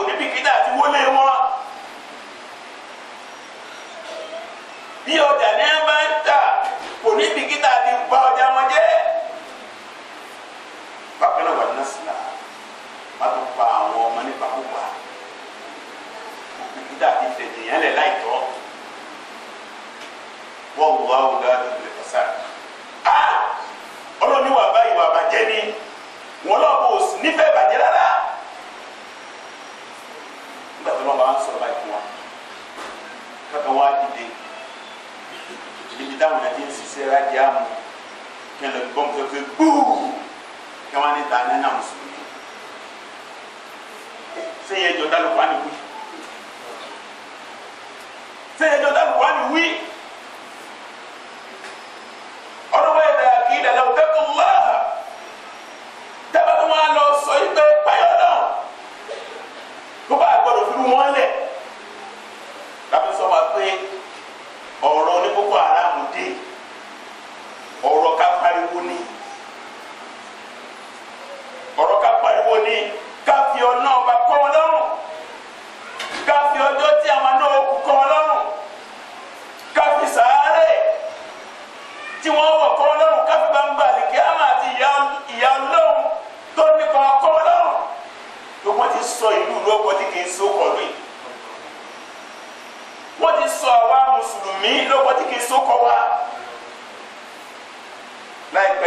kò níbi kíta àti wọlé wọn. bí ọjà ní ẹ bá ń tà kò níbi kíta àti gba ọjà wọn jẹ. bákan náà wà ní nàṣìlá má tó pa àwọn ọmọ nípa púpà kíta àti ìfẹ̀jìyàn lẹ̀ láì tọ́. wọ́n wá wúlò àdúgbò. dáhùn ẹni ń ṣiṣẹ́ láti àmú kí ẹ lọ gbọ́n tó pé gbúù kí wọ́n ní ta ní náà mùsùlùmí. sẹ́yìn ẹjọ́ dálùkù wá ní wí. sẹ́yìn ẹjọ́ dálùkù wá ní wí.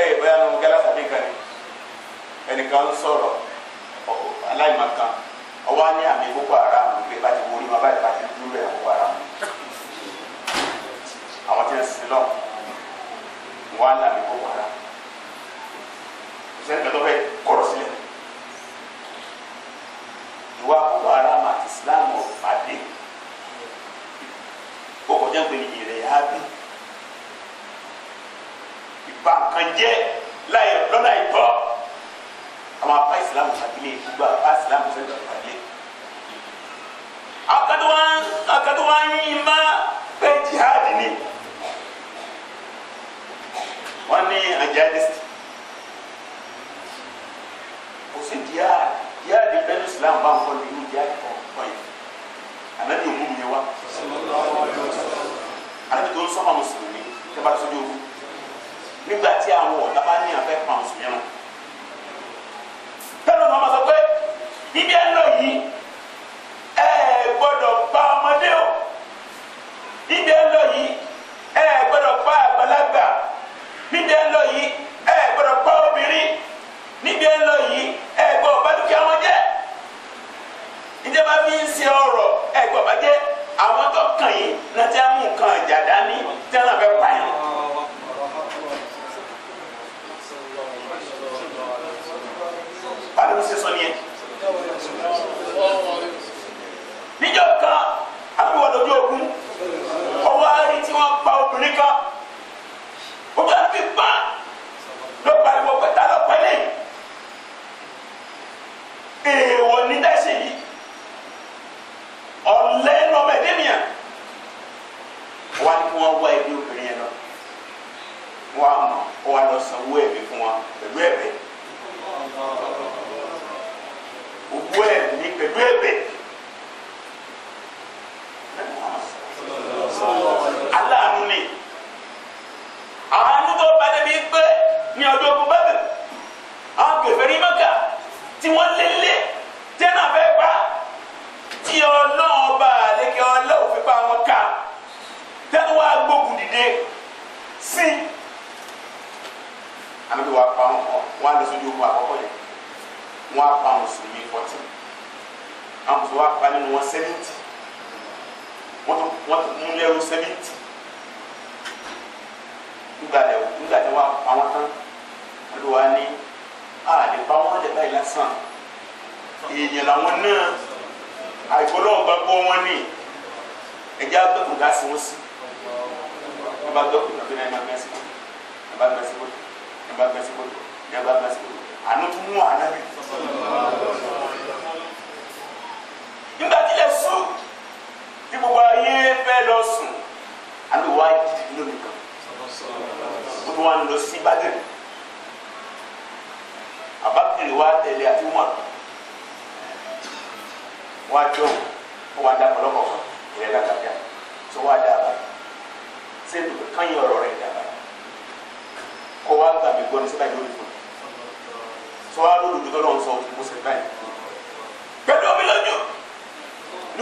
ee bóyá nínú kẹlẹ àbí kan ni ẹnìkan ń sọ̀rọ̀ aláìmọ̀kan ọwọ́ á ní àmì boko haram gbé bá ti wọlé ma báyìí bá ti dúró ẹ̀ boko haram àwọn tí ń sin lọ wọn á ní àmì boko haram ìṣẹ́ni kẹtọ́ fẹ́ kọ̀rọ̀ sílẹ̀ ìwà boko haram àti islam ọ̀pàdé ó kọjá pé ní la jẹ́ láyé lọ́nà ìtọ́ àwọn apá ìsìlámù fagilé gbogbo apá ìsìlámù fẹ́ lọ́nà fagilé. akadọ́wọ́n akadọ́wọ́n. nígbà tí àwọn ọ̀tá bá ní àfẹ́ pa mùsùlùmí rán. pẹ́ẹ́nù ọ̀nà ọmọ sọ pé ibi ẹ̀ ń lọ yìí sẹ́mẹ́ǹtì nígbà tẹ nígbà tẹ wà àwọn tán olùwà ni àlè bá wọn lè báyìí lásán èèyàn làwọn náà àìfọlọ́wọ́ bá gbọ́ wọn ní ẹ̀jẹ̀ agbẹ́kùn ká sí wọn sí ẹ bá gbẹ́kùn náà bí náà ẹ máa gbẹ́sí wọn ẹ bá gbẹ́sí wọn ẹ bá gbẹ́sí wọn ẹ bá gbẹ́sí wọn àná tún mú àná bí. gbogbo ayé fẹ́ lọ sùn àbí wàá dìde lónìí kan gbogbo wa lọ sí bàdìrì abakiri wa tẹ̀lé àti umar wa jọ wa da kọlọkọ kan ìrẹ lakabia so wa da ba se dugu kan yi ọ̀rọ̀ rẹ̀ da ba kọ wa gba mi gbọ́ ní sẹbẹn yóò fún so wa lórí dugukọlọ sọ musulman bẹ́ẹ̀ ni o bi lọ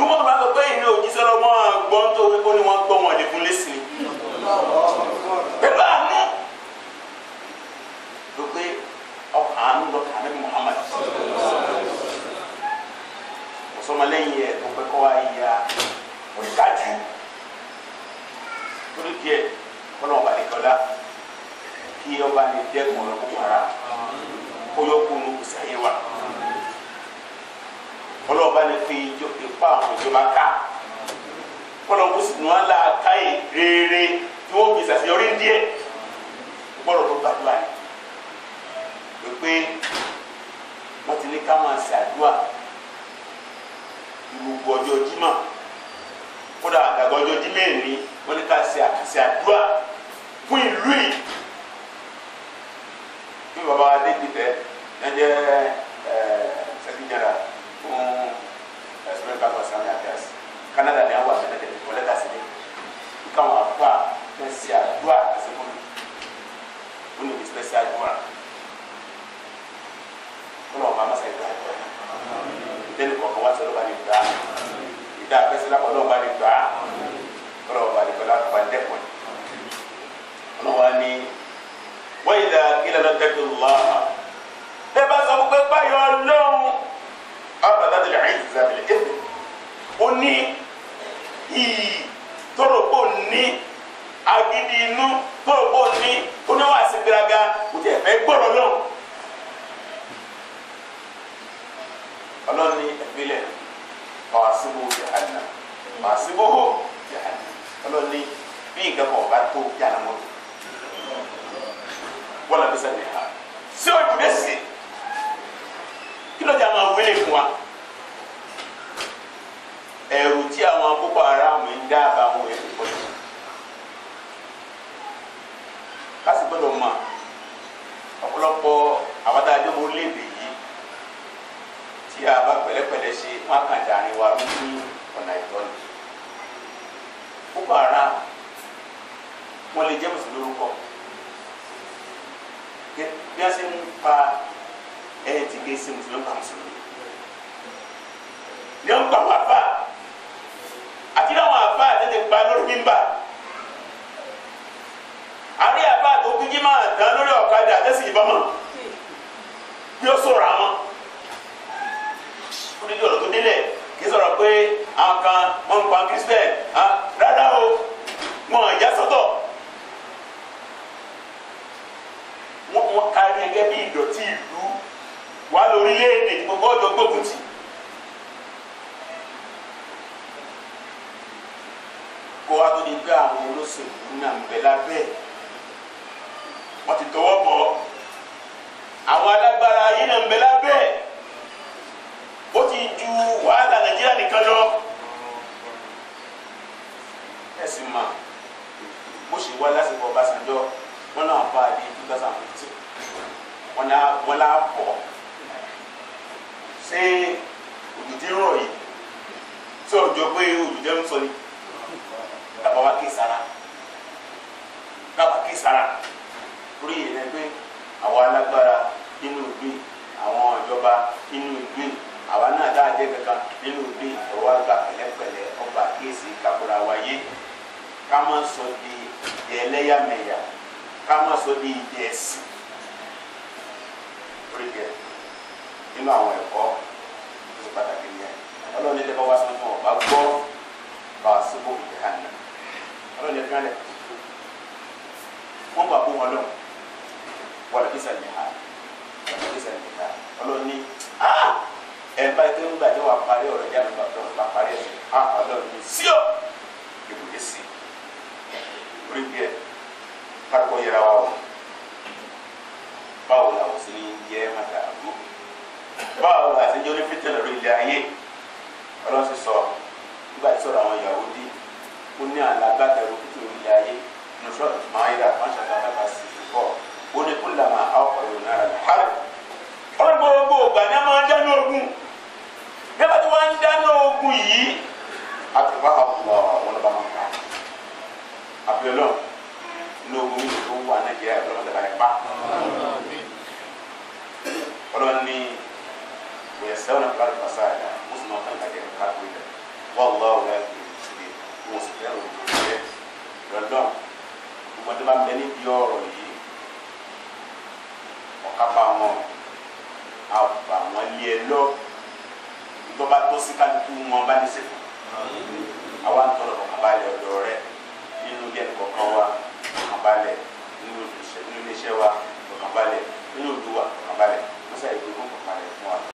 ìwọ́n tó bá sọ pé ìní òjíṣẹ́ lọ́wọ́ gbọ́n tó wípé ni wọ́n gbọ́ wọn lẹ́kún lẹ́sìn pẹ̀lú àánú ló pé ọkàn àánú lọ́kàn ànábì Muhammad ọ̀sọ́mọlẹ́yìn ẹ̀ tó pẹ́ kọ́ wá yíya oníkájú torí díẹ̀ kọ́nà ọba nìkọ́lá kí ọba ní dẹ́kun ọ̀rọ̀ kókó ara kó yọ kó nu kùsà yé wa ọlọ́ọ̀ba ní fi fún àwọn ìjọba ká gbọ́dọ̀ kó sì nùwà la káyè rere tí wọ́n fi ṣàṣeyọrí díẹ̀ gbọ́dọ̀ tó gbàdúrà yìí pé wọ́n ti ní ká máa ṣàdúrà gbogbo ọjọ́ jímọ̀ kódà àgàgà ọjọ́ jímọ̀ èmi wọ́n ní ká ṣe àkàṣe àdúrà fún ìlú yìí bí baba adé ti tẹ ẹ jẹ ẹ sẹkítẹrà ka fɔ sani afias kanada ni awa mɛnɛ de wale ka sini kan wa fa pɛsia dua a se mun mun de bi pɛsia dua kɔlɔ o ma masa yi dua deni kɔ kɔwa sɔrɔ ba ni dua ida pɛsila kɔlɔ ba ni dua kɔlɔ o ba ni kɔlɔ ba ni dɛkɔ kɔlɔ wa ni wa yi da gilala dɛkɛ lɔɔra. fàásìbò jahannam fàásìbò jahannam ọlọ́ni bí nǹkan kan ọba tó yàrá mọ́tò wọ́n làbí sẹ́ni ha sí ọdún bẹ́sì kí ló dé àwọn awélé fún wa ẹ̀rù tí àwọn Boko Haram ń dábàá wọn ẹ̀rù pọ̀jù kásìgbọ́dọ̀ mọ̀ ọ̀pọ̀lọpọ̀ àwọn adájọ́ mọ́ lédè tí a bá pẹ̀lẹ́pẹ̀lẹ́ ṣe wọn kàn dàrin wa ní ọ̀nà ìtọ́ni Boko Haram wọn lè jẹ́ mùsùlùmí lórúkọ bí a ṣe ń pa ẹyẹ ti gé sí mùsùlùmí pa mùsùlùmí ní ọ̀n pa wọn àfa àti láwọn àfa àtẹ̀tẹ̀ pa lórí bímbà àrí àfa tó gbígbí máa dán lórí ọ̀kadà àtẹ̀sí ìbámọ̀ bí ó sọ̀rọ̀ àwọn níbi ọ̀rọ̀ tó délẹ̀ kì í sọ̀rọ̀ pé àwọn kan wọ́n ń pa kristian rárá o wọn ìyá sọ́tọ̀ wọ́n wọ́n kárí ẹgẹ́ bí ìdọ̀tí ìlú wà lórílẹ̀‐èdè gbogbo ọ̀dọ́ gbógun kó wá tó di pé àwọn olóṣèlú náà ń bẹ lábẹ́ wọ́n ti tọwọ́. ń sọ ni kaba wa ké sara kaba ké sara orí yìí lẹ pé àwọn alágbára inú ìgbé àwọn ìjọba inú ìgbé àwa náà dá adé kankan nínú ìgbé ẹwà gba pẹ̀lẹ́pẹ̀lẹ́ ọba kéésì kakura wáyé ká má sọ di ìdè ẹlẹ́yàmẹ̀yà ká má sọ di ìdè ẹ̀sìn orí yẹ nínú àwọn ẹ̀kọ́ tó ṣe pàtàkì nìyẹn ọlọ́run ní ẹ̀dẹ́gbọ́n wá sọ́dún ọba gbọ́ baasi bo jahanna Kalau yẹ gánlẹ̀ wọ́n bá bó wọn lọ wọ́n lọ́ọ́ ìsàn nìha wọ́n ìsàn nìha ọlọ́run ní ẹ̀ bá tó ń gbàjọ́ wà parí ọ̀rọ̀ yá mi bàtọ̀ wà parí ẹ̀ ọlọ́run ní síọ́ ìbùdó sí orí bí ẹ kákó yẹra wa o báwo làwọn sì ní yẹ má dàrú báwo làwọn sì ní onífitẹ́ lórí ilé nígbà tí sọ̀rọ̀ àwọn Yahudi ó ní alágbàtẹ̀rù kí tó ilé ayé nusrat maida mashaka kaka sisi kọ ó ní kúlà máa á ọkọ̀ yóò nára ní hàrù. ọ̀rọ̀ gbogbo ògbà ni a máa ń dáná ogun nígbà tí wọ́n ń dáná ogun yìí àtùbá àwọn